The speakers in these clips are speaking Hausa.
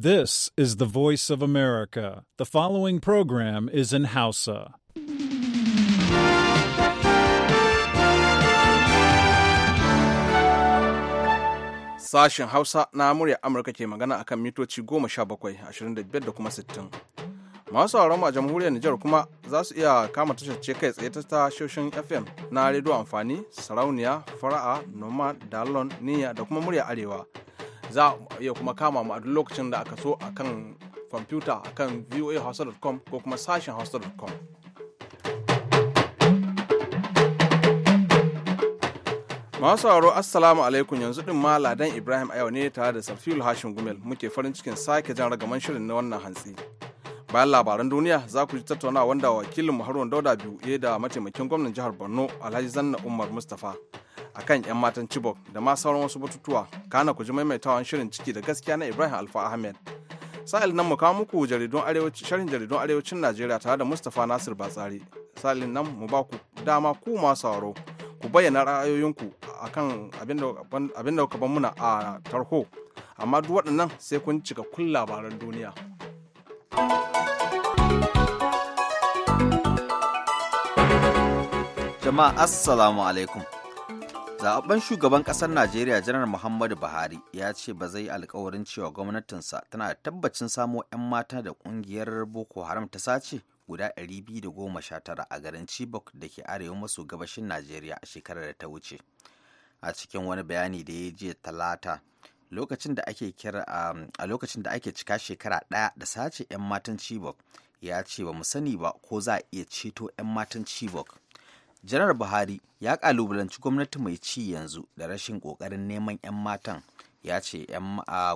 This is the voice of America. The following program is in Hausa. Sashen Hausa na murya Amurka ke magana akan mitoci 17, da kuma 60. Masu sauraron a jamhuriyar Nijar kuma za su iya kama tashar kai tsaye ta tashoshin FM na rediyo amfani, sarauniya, fara'a, noma, dalon, niyya da kuma murya arewa. za a iya kuma kama mu a duk lokacin da aka so a kan kwamfuta a kan voahausa.com ko kuma sashen hausa.com. Masu sauraro Assalamu alaikum yanzu din ma Ladan Ibrahim ayaw ne tare da safi'ul Hashin Gumel muke farin cikin sake jan ragaman shirin na wannan hantsi. Bayan labaran duniya za ku ji tattaunawa wanda wakilin Haruna Dauda biyu da mataimakin gwamnan jihar Borno Alhaji Zanna Umar Mustapha akan 'yan matan Chibok da ma sauran wasu batutuwa kana ku ji maimaitawan shirin ciki da gaskiya na Ibrahim Alfa Ahmed. Sa'il nan mu kawo muku jaridun sharhin jaridun arewacin Najeriya tare da Mustapha Nasir Batsari. Sa'il nan mu ba ku dama ku ma sauro ku bayyana ra'ayoyinku akan abin da kuka muna a tarho. Amma duk waɗannan sai kun cika kun labaran duniya. Jama'a Assalamu alaikum. Zababben shugaban ƙasar Najeriya Janar Muhammadu Buhari ya ce ba zai yi alkawarin cewa gwamnatinsa tana da tabbacin samo 'yan mata da ƙungiyar Boko Haram ta sace guda 219 a garin Chibok da ke arewa maso gabashin Najeriya a shekarar da ta wuce. A cikin wani bayani da ya je talata lokacin um, a lokacin da ake cika shekara ɗaya da sace 'yan matan Chibok ya ce ba mu sani ba ko za a iya ceto 'yan matan Chibok. janar buhari ya kalubalanci gwamnati mai ci yanzu da rashin kokarin neman 'yan matan ya ce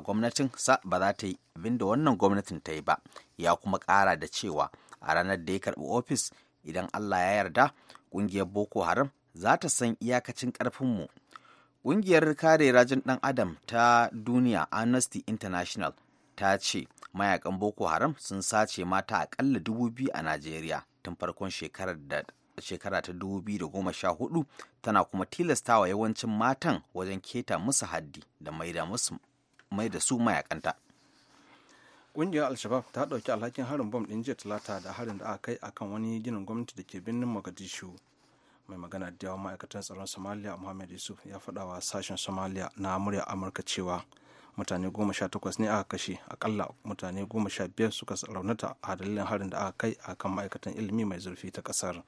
gwamnatin sa ba za ta yi abin wannan gwamnatin ta yi ba ya kuma kara da cewa a ranar da ya karbi ofis idan allah ya yarda kungiyar boko haram za ta san iyakacin karfinmu ƙungiyar kare rajin dan adam ta duniya amnesty international ta ce mayakan boko haram sun sace mata akalla dubu biyu a najeriya tun farkon shekarar da shekara ta 2014 tana kuma tilastawa yawancin matan wajen keta musu haddi da mai da su mayakanta. Ƙungiyar Al-Shabab ta ɗauki alhakin harin bom ɗin jiya talata da harin da aka kai akan wani ginin gwamnati da ke birnin magadishu Mai magana da yawan ma'aikatan tsaron Somalia Muhammad Yusuf ya faɗa wa sashen Somalia na murya Amurka cewa mutane goma sha takwas ne aka kashe akalla mutane goma sha biyar suka raunata a dalilin harin da aka kai akan ma'aikatan ilimi mai zurfi ta ƙasar.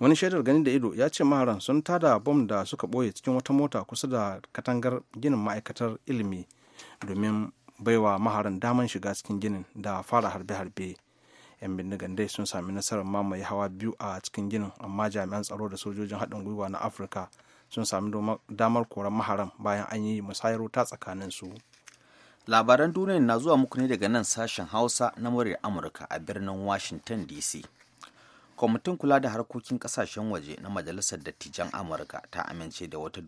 wani shaidar gani da ido ya ce maharan sun tada bom da suka boye cikin wata mota kusa da katangar ginin ma'aikatar ilimi domin baiwa maharan daman shiga cikin ginin da fara harbe-harbe yan bindigan dai sun sami nasarar mamaye hawa biyu a cikin ginin amma jami'an tsaro da sojojin haɗin gwiwa na afirka sun sami damar koran maharan bayan an yi musayar ta tsakanin su labaran duniya na zuwa muku ne daga nan sashen hausa na murya amurka a birnin washington dc kwamitin kula da harkokin kasashen waje na majalisar dattijan amurka ta amince da wata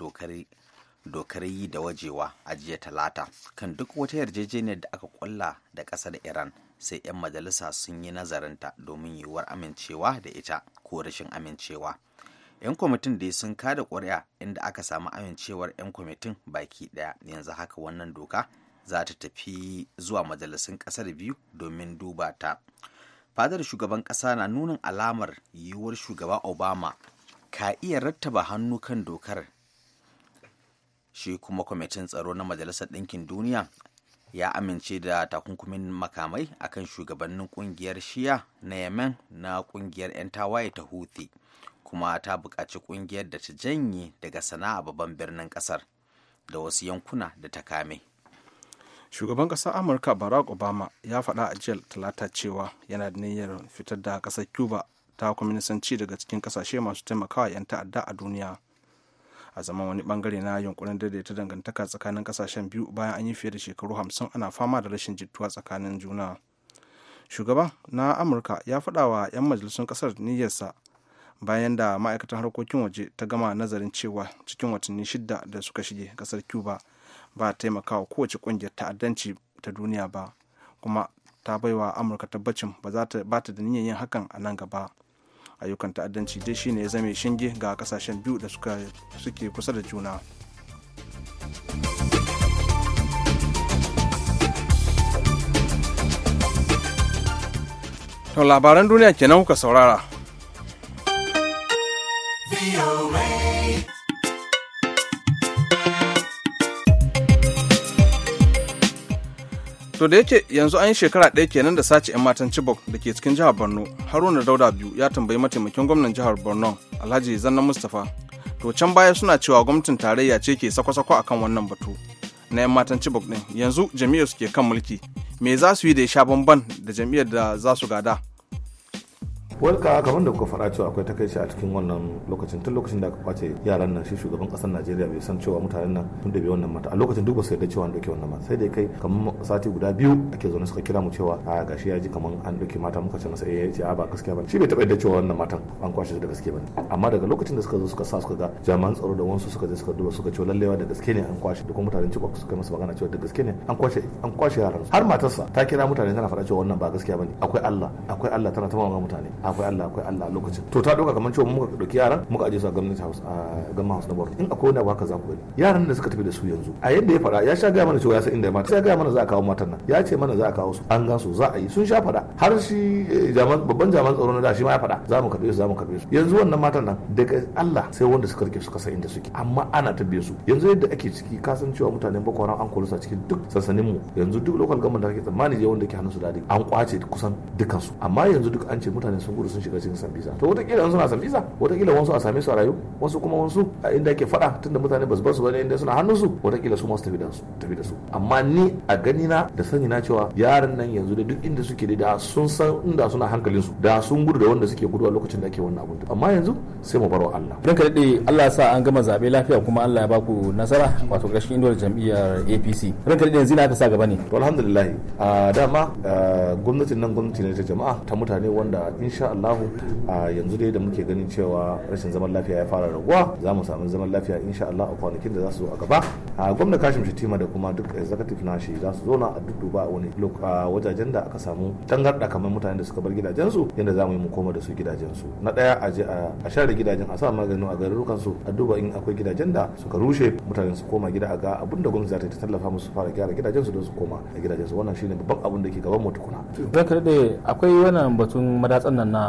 dokar yi da wajewa a jiya talata kan duk wata yarjejeniyar da aka kulla da kasar iran sai 'yan majalisa sun yi nazarinta domin yiwuwar amincewa da ita ko rashin amincewa 'yan kwamitin dai sun kada ƙuri'a inda aka samu amincewar 'yan kwamitin baki ɗaya yanzu haka wannan doka za ta tafi zuwa majalisun ƙasar biyu domin duba ta fadar shugaban ƙasa na nunin alamar yiwuwar shugaba obama ka iya rattaba hannu kan dokar shi kuma kwamitin tsaro na majalisar ɗinkin duniya ya amince da takunkumin makamai akan shugabannin ƙungiyar shiya na yemen na ƙungiyar 'yan tawaye ta huti kuma ta buƙaci ƙungiyar da ta janye daga sana'a babban birnin ƙasar da wasu yankuna da ta kame shugaban ƙasar amurka barack obama ya faɗa a jiya talata cewa yana da niyyar fitar da ƙasar cuba ta kwaminisanci daga cikin ƙasashe masu taimakawa 'yan ta'adda a duniya a zaman wani bangare na yunkurin ta dangantaka tsakanin kasashen biyu bayan an yi fiye da shekaru hamsin ana fama da rashin jituwa tsakanin juna shugaban na amurka ya faɗa wa 'yan majalisun ƙasar niyyarsa bayan da ma'aikatan harkokin waje ta gama nazarin cewa cikin watanni shida da suka shige ƙasar cuba ba taimakawa kowace ƙungiyar ta'addanci ta duniya ba kuma ta baiwa amurka tabbacin ba za ta bata da niyyar yin hakan a nan gaba ayyukan ta'addanci dai shine ya zame shinge ga kasashen biyu da suke kusa da juna to labaran duniya kenan kuka saurara to da yake yanzu an yi shekara ɗaya kenan da sace 'yan matan chibok da ke cikin jihar borno haruna dauda biyu ya tambayi mataimakin gwamnan jihar borno alhaji zanna mustapha to can baya suna cewa gwamnatin tarayya ce ke sako-sako akan wannan batu na 'yan matan chibok ɗin yanzu jami'ar suke kan mulki me za su yi da ya sha bamban da jami'ar da za su gada walka kamar da kuka faɗa cewa akwai takaici a cikin wannan lokacin tun lokacin da aka kwace yaran nan shi shugaban ƙasar najeriya bai san cewa mutanen nan da bai wannan mata a lokacin duk ba su yarda cewa an ɗauke wannan mata sai dai kai kamar sati guda biyu ake zaune suka kira mu cewa a gashi ya ji kamar an ɗauke mata muka ce masa eh ya ce a ba gaskiya ba shi bai taɓa yarda cewa wannan matan an kwashe su da gaske ba amma daga lokacin da suka zo suka sa suka ga jami'an tsaro da wansu suka je suka duba suka ce lallewa da gaske ne an kwashe da kuma mutanen cikin suka masa magana cewa da gaske ne an kwashe an kwashe yaran har matarsa ta kira mutane tana faɗa cewa wannan ba gaskiya ne akwai Allah akwai Allah tana tamawa mutane akwai Allah akwai Allah lokacin to ta dauka kamar cewa muka dauki yaran muka aje su a gwamnati house a gwamnati house na Borno in akwai wanda baka za ku bari yaran da suka tafi da su yanzu a yadda ya faɗa ya sha gaya mana cewa ya san inda ya mata ya gaya mana za a kawo matan nan ya ce mana za a kawo su an gan su za a yi sun sha faɗa har shi eh, babban jaman tsaro na da shi ma ya faɗa za mu karɓe su za mu karɓe su yanzu wannan matan nan daga Allah sai wanda suka rike suka san inda suke amma ana tabbe su yanzu yadda ake ciki san cewa mutanen boko haram an a cikin duk sansanin mu yanzu duk local government da kake tsammani je wanda ke hannun su da an kwace kusan dukansu amma yanzu duk an ce mutane sun kudu sun shiga cikin sambisa to wataƙila suna sambisa wataƙila wasu a same su a rayu wasu kuma wasu a inda ke faɗa tunda mutane basu basu bane inda suna hannunsu wataƙila su masu tafi da su amma ni a gani na da sani na cewa yaran nan yanzu da duk inda suke da sun san inda suna hankalin su da sun gudu da wanda suke gudu a lokacin da ake wannan abun amma yanzu sai mu barwa Allah dan ka dade Allah ya sa an gama zabe lafiya kuma Allah ya ba ku nasara wato gashin indowar jam'iyyar APC dan ka dade yanzu na ka sa gaba ne to alhamdulillah a dama gwamnatin nan gwamnati ne ta jama'a ta mutane wanda insha Allahu a yanzu dai da muke ganin cewa rashin zaman lafiya ya fara raguwa za mu samu zaman lafiya insha Allah a kwanakin da za su zo a gaba a gwamna Kashim Shatima da kuma duk executive nashi za su zauna a duba wani wajajen da aka samu tangarda kamar mutanen da suka bar gidajensu yadda za mu yi mu koma da su gidajensu na daya a je a share gidajen a sa maganin a garurukan su a duba in akwai gidajen da suka rushe mutanen su koma gida a ga abin da gwamnati za ta tallafa musu fara gyara gidajensu don su koma a gidajensu wannan shine babban abin da ke gaban mu tukuna. Zaka akwai wannan batun madatsan nan na na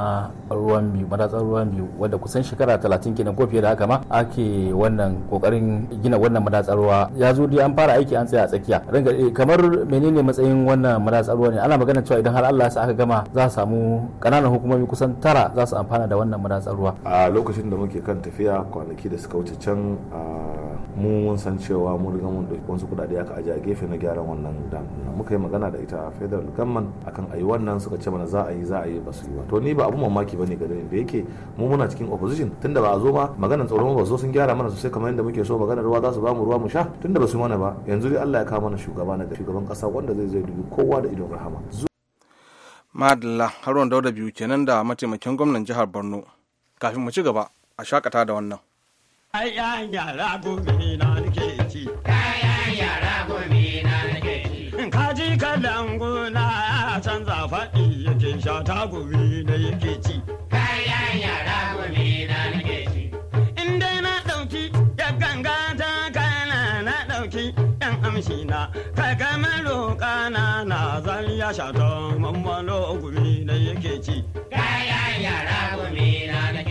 ruwan biyu madatsar ruwan biyu wadda kusan shekara talatin kenan ko fiye da haka ma ake wannan kokarin gina wannan madatsar ruwa ya zo dai an fara aiki an tsaya a tsakiya eh, kamar menene matsayin wannan madatsar ruwa ne ana magana cewa idan har Allah ya sa aka gama za a samu kananan hukumomi kusan tara za su amfana da wannan madatsar ruwa a lokacin da muke kan tafiya kwanaki da suka wuce can mu mun san cewa mun riga mun ɗauki wasu kuɗaɗe aka ajiye a gefe na gyaran wannan dan muka yi magana da ita federal government akan ayi wannan suka ce mana za a yi za a yi ba su yi ba to ni ni ba abu mamaki bane gare ni da yake mu muna cikin opposition tunda ba a zo ba maganar tsaron ba zo sun gyara mana sosai kamar yadda muke so maganar ruwa za su bamu ruwa mu sha tunda ba su mana ba yanzu dai Allah ya kawo mana shugaba na shugaban kasa wanda zai zai dubi kowa da idon rahama madalla haruwan dauda biyu kenan da mataimakin gwamnan jihar borno kafin mu ci gaba a shakata da wannan kayan yara gobe na ke ci na faɗi yake sha ta gumi na yake ci. Kayan yara gumi na nake ci. In na ɗauki ya ganga ta kana na ɗauki ɗan amshi na kaga maro kana na zan ya sha ta mammalo gumi na yake ci. Kayan yara gumi na nake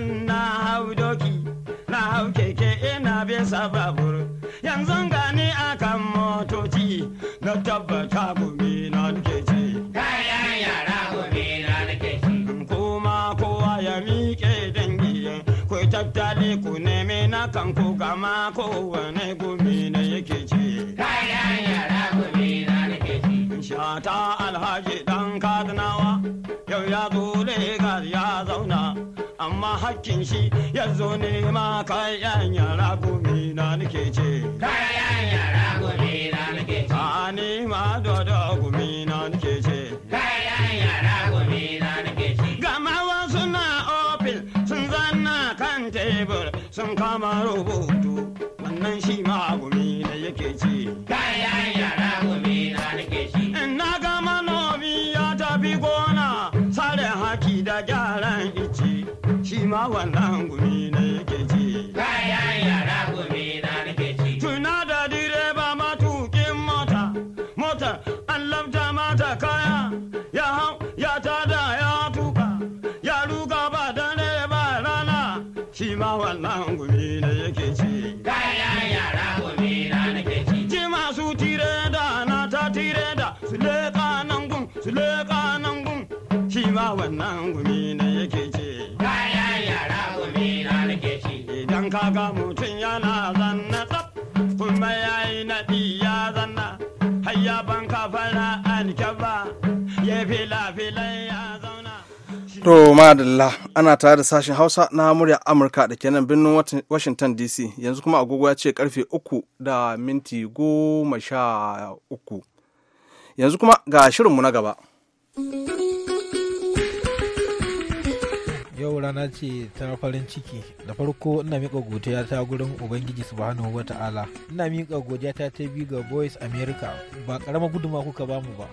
nan na hau doki na hau keke ina bisa babur yanzu gani akan motoci na tabbata gobe na duke ce kuma kowa ya miƙe dangi ku tattale ku neme na kan ku gama kowane gobe na yake ce shata alhaji dan kadnawa yau ya zo legas ya amma hakkin shi ya zo nema kayan ya ragu kaga mutum yana zanna tsaf kuma ya yi naɗi ya zanna hayya ban kafara an ba ya fila fila ya zauna. To madalla ana tare da sashen Hausa na murya Amurka da kenan birnin Washington DC yanzu kuma agogo ya ce karfe uku da minti goma sha uku. Yanzu kuma ga shirinmu na gaba. rana ce ta farin ciki da farko ina miƙa godiya ta gurin ubangiji subhanahu wa ta'ala ina miƙa godiya ta ta biyu ga boys america ba ƙarama guduma kuka bamu ba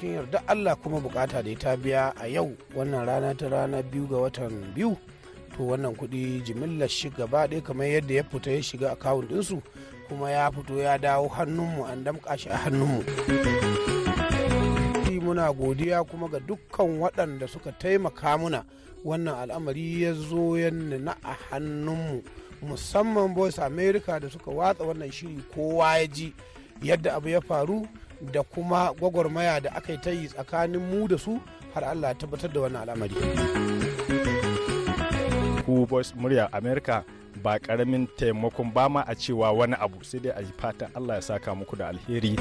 kin yarda allah kuma bukata da ta biya a yau wannan rana ta rana biyu ga watan biyu to wannan kuɗi jimillar shi gaba ɗaya kamar yadda ya fita ya shiga akawun ɗinsu kuma ya fito ya dawo hannunmu an damƙa shi a hannunmu. muna godiya kuma ga dukkan waɗanda suka taimaka muna wannan al'amari ya zo na a hannunmu musamman voice america da suka watsa wannan shiri kowa ya ji yadda abu ya faru da kuma gwagwarmaya da aka yi ta yi tsakanin mu da su har allah ya tabbatar da wannan al'amari ku voice murya america ba karamin taimakon ba ma a cewa wani abu sai dai a fatan allah ya saka muku da alheri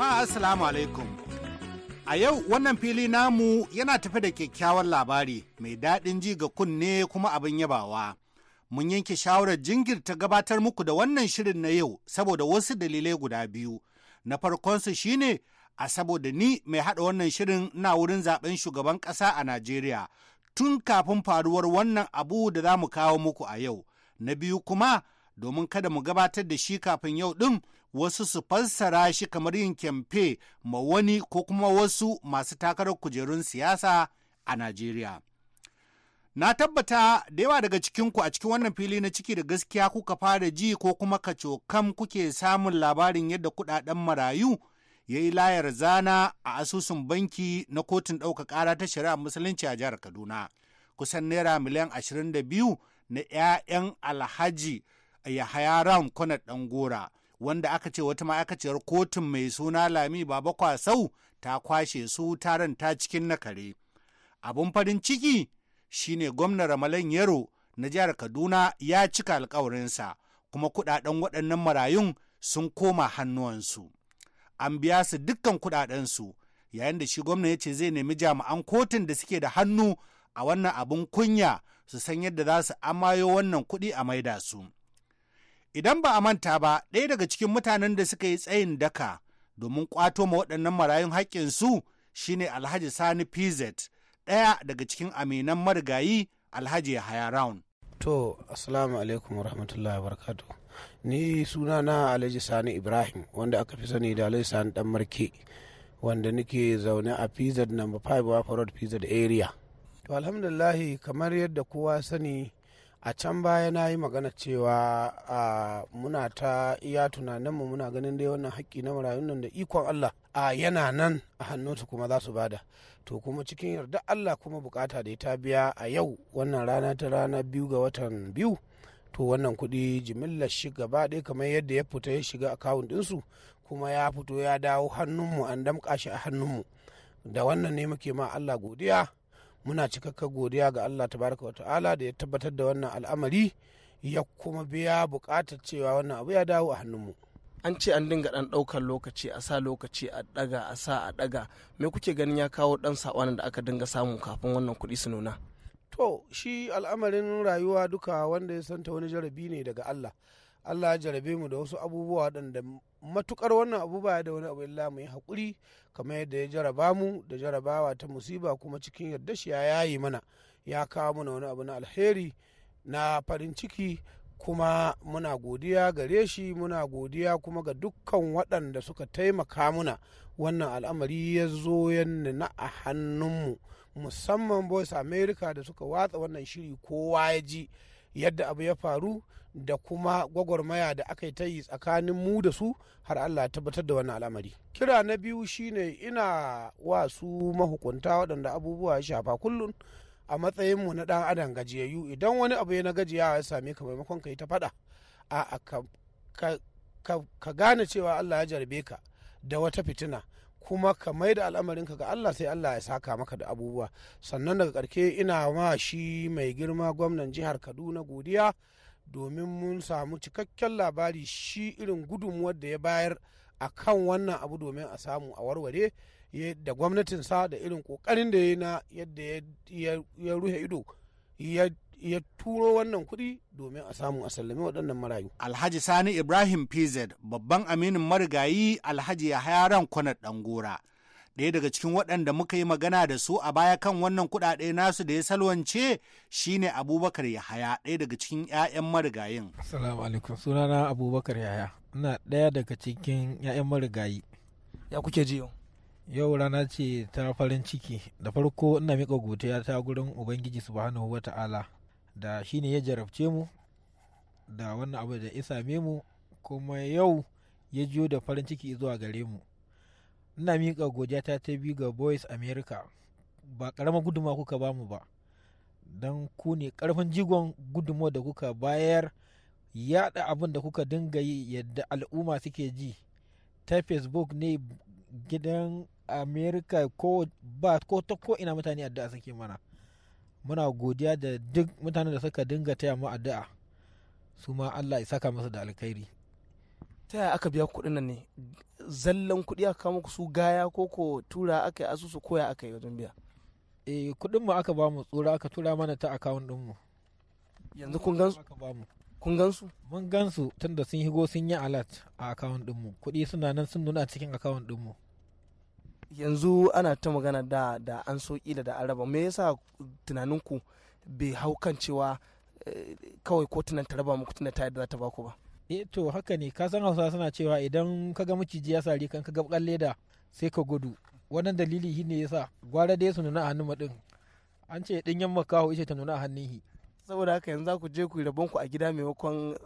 Jama'a Assalamu alaikum. A yau wannan fili namu yana tafi da kyakkyawan labari mai daɗin ji ga kunne kuma abin yabawa. Mun yanke shawarar jingirta gabatar muku da wannan shirin na yau saboda wasu dalilai guda biyu. Na farkonsu shine a saboda ni mai haɗa wannan shirin na wurin zaben shugaban ƙasa a Najeriya tun kafin faruwar wannan abu da za mu kawo muku a yau. Na biyu kuma domin kada mu gabatar da shi kafin yau ɗin wasu su fassara shi kamar yin kyamfe ma wani ko kuma wasu masu takarar kujerun siyasa a Najeriya. Na tabbata da yawa daga cikinku a cikin wannan fili na ciki da gaskiya kuka fara ji ko kuma cokam kuke samun labarin yadda kudaden marayu ya yi layar zana a asusun banki na kotun ɗauka ƙara ta shari'a musulunci a jihar Kaduna. Kusan naira miliyan 22 na 'ya'yan alhaji Yahaya Ram dan ɗangora wanda aka ce wata ma'aikaciyar kotun mai suna Lami Baba Kwasau ta kwashe su taron ta cikin na kare. Abun farin ciki shine gwamnan Ramalan Yaro na jihar Kaduna ya cika alkawarinsa kuma kudaden waɗannan marayun sun koma hannuwansu. An biya su dukkan kudadensu yayin da shi gwamna ya ce zai nemi jami'an kotun da suke da hannu a wannan abun kunya su san yadda za su amayo wannan kuɗi a maida su. Idan ba a manta ba, ɗaya daga cikin mutanen da suka yi tsayin daka domin kwato ma waɗannan marayun haƙƙinsu shine Alhaji Sani pz ɗaya daga cikin aminan marigayi Alhaji Yahaya raun To, Assalamu alaikum wa rahmatullahi wa Ni suna na Alhaji Sani Ibrahim, wanda aka fi sani da Alhaji Sani Dan Marke, wanda nake zaune a pz number 5 wa farod pz area. To, alhamdulillahi kamar yadda kowa sani a can baya na yi magana cewa a muna ta iya tunaninmu muna ganin dai wannan haƙƙi na marayun nan da ikon Allah a yana nan a hannunsu kuma za su bada to kuma cikin yarda Allah kuma bukata da ta biya a yau wannan rana ta rana biyu ga watan biyu to wannan kuɗi jimillar shi gaba ɗaya kamar yadda ya fita ya shiga akawun ɗinsu kuma ya fito ya dawo hannunmu an damƙa shi a hannunmu da wannan ne muke ma Allah godiya muna cikakka godiya ga allah tabaraka wa ta'ala da ya tabbatar da wannan al'amari ya kuma biya buƙatar cewa wannan abu ya dawo a hannunmu an ce an dinga ɗan ɗaukar lokaci a sa lokaci a ɗaga a sa a ɗaga me kuke ganin ya kawo ɗan saɓanin da aka dinga samu kafin wannan kuɗi su nuna to shi al'amarin rayuwa duka wanda ya santa wani jarabi ne daga allah allah ya jarabe mu da wasu abubuwa waɗanda matukar wannan abu ba da wani abu illa mu yi haƙuri kamar yadda ya jaraba mu da jarabawa ta musiba kuma cikin yarda shi ya yayi mana ya kawo mana wani abu na alheri na farin ciki kuma muna godiya gare shi muna godiya kuma ga dukkan waɗanda suka taimaka muna wannan al'amari ya zo yadda na a hannunmu musamman voice america da suka watsa wannan shiri kowa ya ji yadda abu ya faru da kuma gwagwarmaya da aka yi ta yi tsakanin mu da su har allah ya tabbatar da wannan al'amari kira na biyu shine ina wasu mahukunta waɗanda abubuwa ya shafa kullum a matsayinmu na ɗan adam gajiyayyu idan wani abu ya na gajiya ya same ka maimakon ka yi ta faɗa a ka gane cewa allah ya jarbe ka da wata fitina kuma ka mai da ka ga Allah sai Allah ya saka maka da abubuwa sannan daga karke ina ma shi mai girma gwamnan jihar Kaduna godiya domin mun samu cikakken labari shi irin gudunmuwar da ya bayar a kan wannan abu domin a samu a warware da gwamnatinsa da irin kokarin da ya na yadda ya ruhe ido ya turo wannan kuɗi domin a samu a sallame waɗannan marayu. Alhaji Sani Ibrahim PZ babban aminin marigayi Alhaji Yahaya Ran Kwanat Ɗangora. ɗaya daga cikin waɗanda muka yi magana da su a baya kan wannan kuɗaɗe nasu da ya salwance shine abubakar yahaya ɗaya daga cikin 'ya'yan marigayin assalamu alaikum sunana abubakar yahaya na ɗaya daga cikin 'ya'yan marigayi ya kuke ji yau rana ce ta farin ciki da farko ina miƙa godiya ta gurin ubangiji subhanahu wa ta'ala da shine ya jarabce mu da wannan abu da ya same mu kuma yau ya jiyo da farin ciki zuwa gare mu ina miƙa godiya ta biyu ga boys america ba ƙaramar guduma kuka bamu ba don ku ne ƙarfin jigon gudunmawa da kuka bayar yada abin da kuka dinga yi yadda al'umma suke ji ta facebook ne gidan america ko ba ko ta ko ina mutane addu'a suke mana muna godiya da duk mutanen da suka dinga taya mu addu'a su ma allah ya saka masu da alkhairi ta yaya aka biya kuɗin nan ne zallan kuɗi aka kama su gaya ko ko tura aka yi asusu koya aka yi wajen biya eh kuɗin mu aka bamu tsura aka tura mana ta akawun ɗin mu yanzu kun gan aka kun gansu mun gansu tunda sun higo sun yi alert a akawun dinmu kuɗi suna nan sun nuna a cikin akawun dinmu yanzu ana ta magana da da an so kila da raba. me yasa tunaninku bai hau kan cewa eh, kawai kotunan ta raba muku tunan ta yadda za ta baku ba E, to haka ne ka san hausa suna cewa idan ka ga maciji ya sari kan ka ga bakan leda sai ka gudu wannan dalili ne yasa gwara da ya su nuna a hannun din an ce ɗin yamma kawo ishe ta nuna a hannun saboda haka yanzu za ku je ku yi rabonku a gida maimakon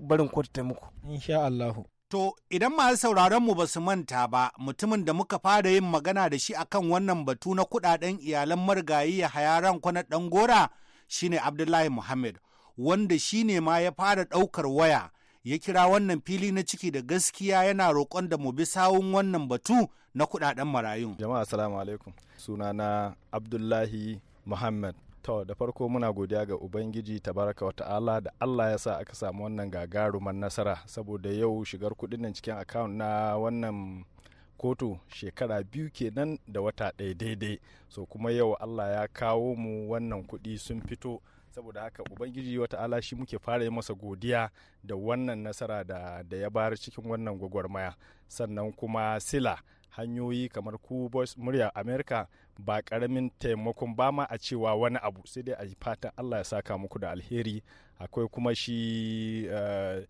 barin kotu ta muku insha Allah To idan masu sauraron mu ba su manta ba mutumin da muka fara yin magana da shi akan wannan batu na kudaden iyalan marigayi ya hayaran kwana dan gora shine Abdullahi Muhammad wanda shine ma ya fara daukar waya ya kira wannan fili na ciki da gaskiya yana roƙon da mu bi sawun wannan batu na kudaden marayun. Jama'a assalamu alaikum. Sunana Abdullahi Muhammad To da farko muna godiya ga Ubangiji tabaraka wa ta'ala da Allah ya sa aka samu wannan gagaruman nasara saboda yau shigar kudin nan cikin account na wannan kotu shekara biyu kenan da wata ɗaya daidai so kuma yau Allah ya kawo mu wannan kuɗi sun fito saboda haka ubangiji wa ta'ala shi muke fara yi masa godiya da wannan nasara da ya bayar cikin wannan gwagwarmaya sannan kuma sila hanyoyi kamar ku boys murya america ba karamin taimakon ba ma a cewa wani abu sai dai a yi fatan allah ya saka muku da alheri akwai kuma shi eh,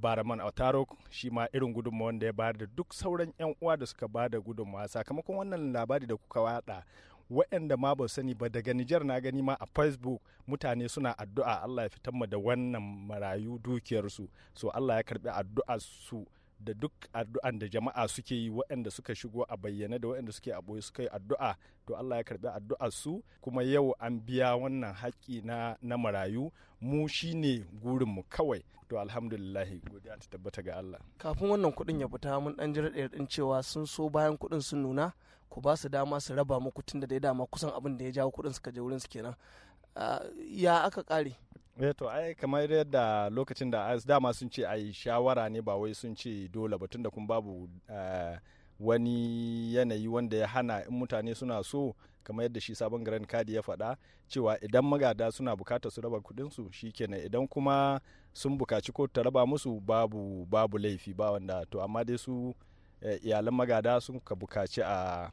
baraman otaro shi ma irin gudunmawa wanda ya bayar da duk sauran yan uwa da suka ba da gudunmawa sakamakon wannan labari da kuka wada waɗanda ma ba sani ba daga Nijar na gani ma a Facebook mutane suna addu'a Allah ya fitar da wannan marayu dukiyarsu so Allah ya karbi addu'ar su da duk addu'an da jama'a suke yi waɗanda suka shigo a bayyane da waɗanda suke a ɓoye suka yi addu'a to Allah ya karbi addu'ar su kuma yau an biya wannan haƙƙi na na marayu mu shine gurin mu kawai to alhamdulillah godiya ta tabbata ga Allah kafin wannan kuɗin ya fita mun dan jira din cewa sun so bayan kuɗin sun nuna ku ba su dama su raba muku tun da ya dama kusan abin da ya jawo kuɗin suka je wurin su kenan ah, ya aka ƙare eh to ai kamar yadda lokacin da dama sun ce ai shawara ne ba wai sun ce dole ba tunda kun babu eh, wani yanayi wanda ya hana in mutane suna so kamar yadda shi sabon garin kadi ya faɗa cewa idan magada suna bukatar su raba kudinsu kenan idan kuma sun bukaci ko ta raba musu babu babu laifi ba wanda to amma dai su eh, iyalan magada sun ka bukaci a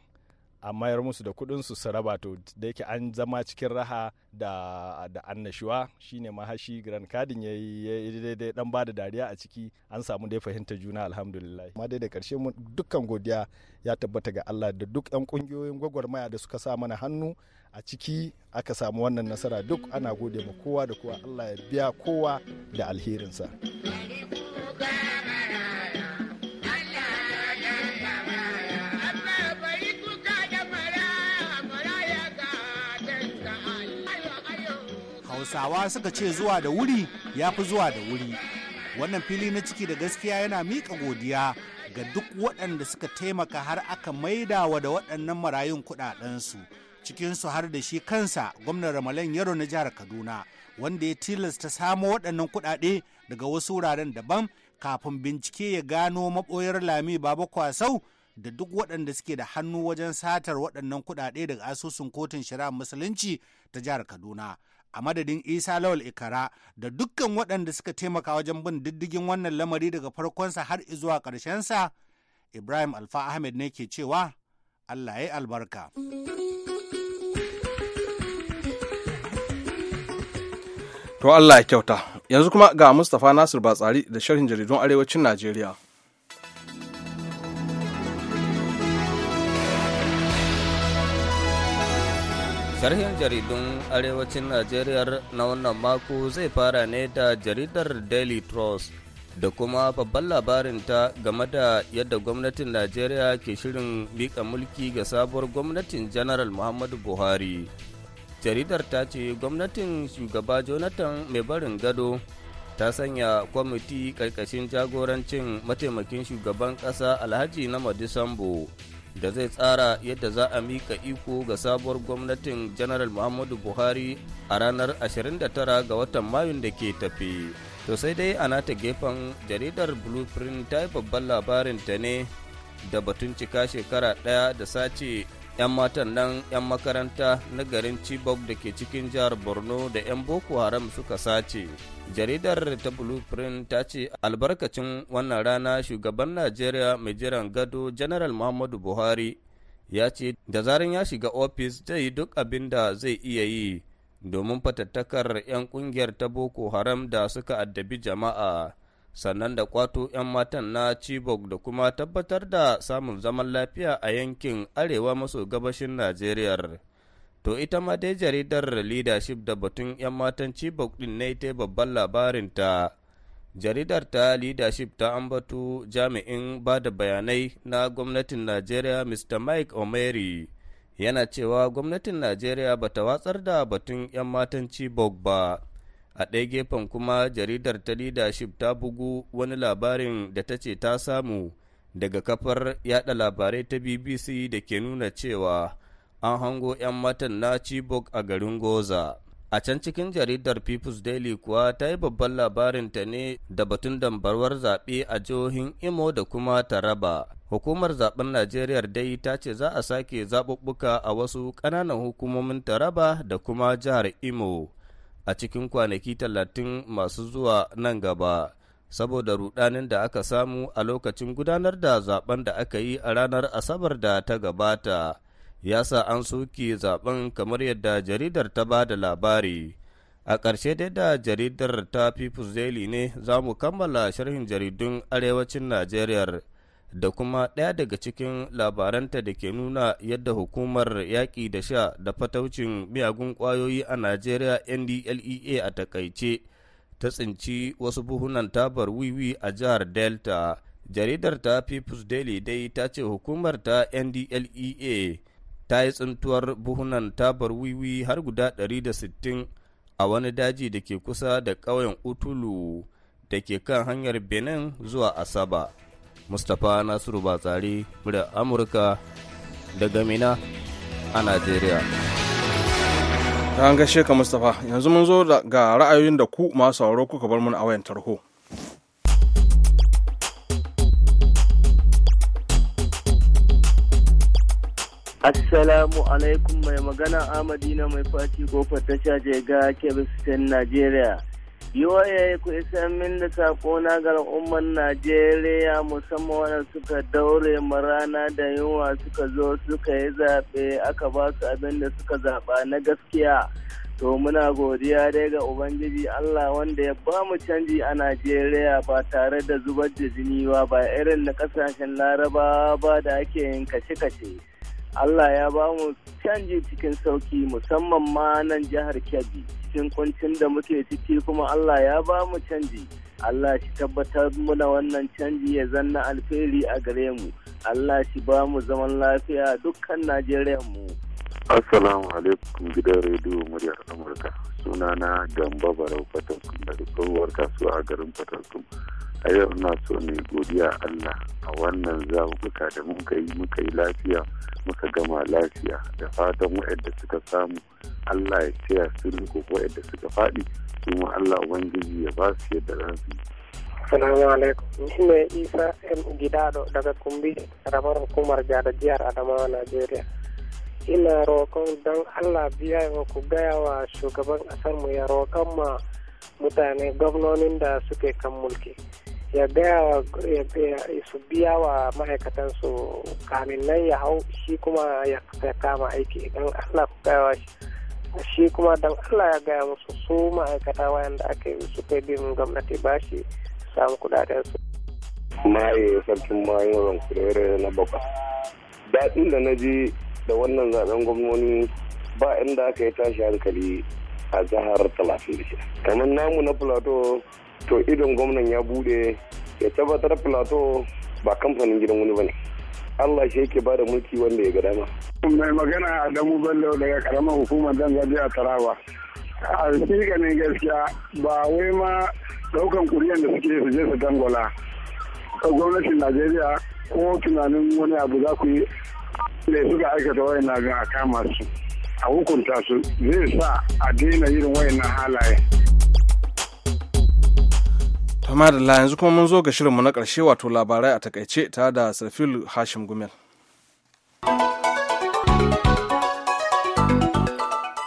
a mayar musu da kuɗin su raba to da yake an zama cikin raha da annashuwa shine mahashi grand kadin ya yi daidai dan bada dariya a ciki an samu dai fahimta juna alhamdulillah ma dai da karshe mu dukkan godiya ya tabbata ga Allah da duk yan kungiyoyin gwagwarmaya da suka sa mana hannu a ciki aka samu wannan nasara duk ana gode ma kowa da kowa Allah ya biya kowa da alherinsa. hausawa suka ce zuwa da wuri ya fi zuwa da wuri wannan fili na ciki da gaskiya yana miƙa godiya ga duk waɗanda suka taimaka har aka maidawa da waɗannan marayun kuɗaɗensu cikinsu har da shi kansa gwamnan ramalan yaro na jihar kaduna wanda ya tilasta samo waɗannan kuɗaɗe daga wasu wuraren daban kafin bincike ya gano maɓoyar lami baba kwasau da duk waɗanda suke da hannu wajen satar waɗannan kuɗaɗe daga asusun kotun shari'a musulunci ta jihar kaduna a madadin isa lawal ikara da dukkan waɗanda suka taimaka wajen bin diddigin wannan lamari daga farkonsa har zuwa ƙarshensa ibrahim alfa ahmed ne ke cewa allah ya albarka to allah ya kyauta yanzu kuma ga mustapha nasir batsari da sharhin jaridun arewacin najeriya Sharhin jaridun Arewacin Najeriya na wannan mako zai fara ne da jaridar Daily Trust da kuma babban labarinta game da yadda gwamnatin Najeriya ke shirin miƙa mulki ga sabuwar gwamnatin Janaral Muhammadu Buhari. Jaridar ta ce gwamnatin shugaba Jonathan mai barin gado ta sanya kwamiti ƙarƙashin jagorancin mataimakin shugaban ƙasa Alhaji na madisambo da zai tsara yadda za a mika iko ga sabuwar gwamnatin Janaral Muhammadu Buhari a ranar 29 ga watan Mayun da ke tafi. To sai dai a nata gefen jaridar Blueprint ta yi babban labarin ta ne da batun cika shekara ɗaya da sace 'yan matan nan 'yan makaranta na garin Chibok da ke cikin jihar Borno da 'yan Boko Haram suka sace. jaridar ta blueprint ta ce albarkacin wannan rana shugaban najeriya mai jiran gado general muhammadu buhari ya ce da zaran ya shiga ofis zai yi duk abin da zai iya yi domin fatattakar 'yan kungiyar ta boko haram da suka addabi jama'a sannan da kwato 'yan matan na chibok da kuma tabbatar da samun zaman lafiya a yankin arewa maso gabashin najeriya To ita ma dai jaridar leadership da batun 'yan matan Chibok ɗin ne ta babban labarinta. Jaridar ta leadership ta ambatu jami'in ba da bayanai na gwamnatin Najeriya Mr. Mike Omeri yana cewa gwamnatin Najeriya ba ta watsar da batun 'yan matan Chibok ba. A ɗaya gefen kuma jaridar ta leadership ta bugu wani labarin da ta ce ta samu daga kafar yada labarai ta BBC da ke nuna cewa. an hango 'yan matan na Chibok a garin Goza. A can cikin jaridar People's Daily kuwa ta yi babban labarinta ne da batun dambarwar zaɓe a jihohin Imo da kuma Taraba. Hukumar zaɓen Najeriya dai ta ce za a sake zaɓuɓɓuka a wasu ƙananan hukumomin Taraba da kuma jihar Imo a cikin kwanaki talatin masu zuwa nan gaba. Saboda rudanin da aka samu a lokacin gudanar da zaben da aka yi a ranar Asabar da ta gabata. ya sa an soke zaben kamar yadda jaridar ta ba da labari a ƙarshe dai da jaridar ta people's daily ne za mu kammala sharhin jaridun arewacin najeriya da kuma ɗaya daga cikin labaranta da ke nuna yadda hukumar yaƙi da sha da fataucin miyagun ƙwayoyi a najeriya ndlea a takaice ta tsinci wasu buhunan tabar wiwi a jihar delta jaridar ta people's daily dai ta ce hukumar ta ndlea ta yi tsintuwar buhunan tabar wiwi har guda 160 a wani daji da ke kusa da ƙauyen utulu da ke kan hanyar benin zuwa asaba mustapha nasiru batsari murya amurka daga mina a najeriya ta an gaishe mustapha yanzu mun zo ga ra'ayoyin da ku masu sauraro kuka bar mun a wayan tarho Assalamu alaikum mai magana Amadina mai Fati kofar tasha je ga Kebbi Najeriya. yoyaye ku isa min da na ga al'ummar najeriya musamman wanda suka daure marana da yunwa suka zo suka yi zaɓe aka ba su abin da suka zaɓa na gaskiya to muna godiya dai ga ubangiji allah wanda ya ba mu canji a najeriya ba tare da zubar da jini ba ba irin na ƙasashen larabawa ba da ake yin kashe-kashe Allah ya ba mu canji cikin sauki musamman ma nan jihar Kebbi cikin kuncin da muke ciki kuma Allah ya ba mu canji. Allah shi tabbatar muna wannan canji ya zanna alferi a gare mu. Allah shi ba mu zaman lafiya dukkan Najeriya mu. Assalamu alaikum gidan rediyo muryar Amurka. Sunana Gamba Barau Fatakun daga kasuwa a garin Fatakun. a yau na so ne godiya Allah a wannan zaɓuɓɓuka da muka yi muka yi lafiya muka gama lafiya da fatan waɗanda suka samu Allah ya tsaya su ko waɗanda suka faɗi kuma Allah ubangiji ya ba su yadda za su yi. Assalamu alaikum. Ni ne Isa M Gidado daga Kumbi, rabar hukumar Jada jihar Adamawa, Najeriya. Ina roƙon don Allah biya wa ku gaya wa shugaban ƙasarmu ya roƙon ma mutane gwamnonin da suke kan mulki. ya gaya su biya wa ma'aikatansu kamin nan ya hau shi kuma ya kama aiki idan allah ku gaya shi kuma dan allah ya gaya musu su ma'aikata wayanda aka yi su kai bin gwamnati ba shi samu kudadensu. maye sarkin mayan rankurere na baka daɗin da na ji da wannan zaben gwamnoni ba inda aka yi tashi hankali a jihar talatin da kamar namu na plateau to idon gwamnan ya bude ya tabbatar plato ba kamfanin gidan wani bane Allah shi yake ba da mulki wanda ya ga dama. Mai magana Adamu Bello daga karamar hukumar Dangaji a Taraba. A ne gaskiya ba wai ma daukan kuriyan da suke su je su dangola. Gwamnatin Najeriya ko tunanin wani abu za ku yi da suka aikata wayan na ga a kama su. A hukunta su zai sa a daina yin wayan halaye. Fama da la yanzu kuma mun zo ga shirinmu na karshe wato labarai a takaice ta da sarfil Hashim Gumel.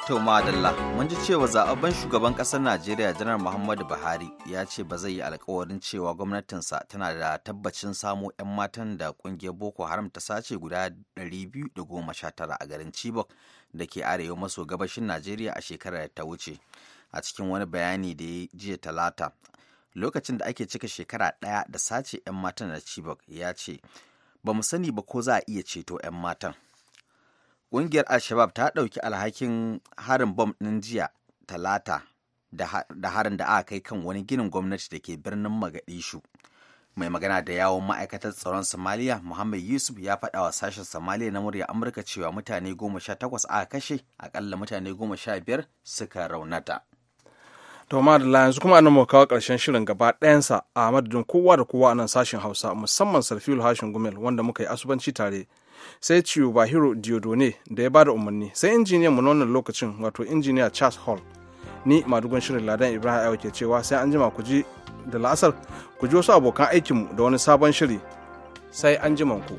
To madalla mun ji cewa zaɓaɓɓen shugaban ƙasar Najeriya janar Muhammadu Buhari ya ce ba zai yi alkawarin cewa gwamnatinsa tana da tabbacin samo 'yan matan da ƙungiyar Boko Haram ta sace guda 219 a garin Chibok da ke arewa maso gabashin Najeriya a shekarar ta wuce. A cikin wani bayani da ya jiya talata, lokacin da ake cika shekara ɗaya da sace 'yan matan da Chibok ya ce, ba mu sani ba ko za a iya ceto 'yan matan. Ƙungiyar Al-Shabab ta ɗauki alhakin harin bom ɗin jiya talata da harin da aka kai kan wani ginin gwamnati da ke birnin Magadishu. Mai magana da yawon ma'aikatar tsaron Somalia Muhammad Yusuf ya faɗa wa sashen Somalia na murya Amurka cewa mutane goma sha takwas aka kashe, akalla mutane goma sha biyar suka raunata. to da yanzu kuma mu muka kawo karshen shirin gaba ɗayansa a madadin kowa da kowa a nan sashen hausa musamman sarfilu hashin gumel wanda muka yi asubanci tare sai ciwo bahiro diodone da ya bada umarni sai injiniyan mu na wannan lokacin wato injiniya charles hall ni madugun shirin ladan ibrahim ayo ke cewa sai an jima ku ji da la'asar ku ji wasu abokan aikinmu da wani sabon shiri sai an jima ku.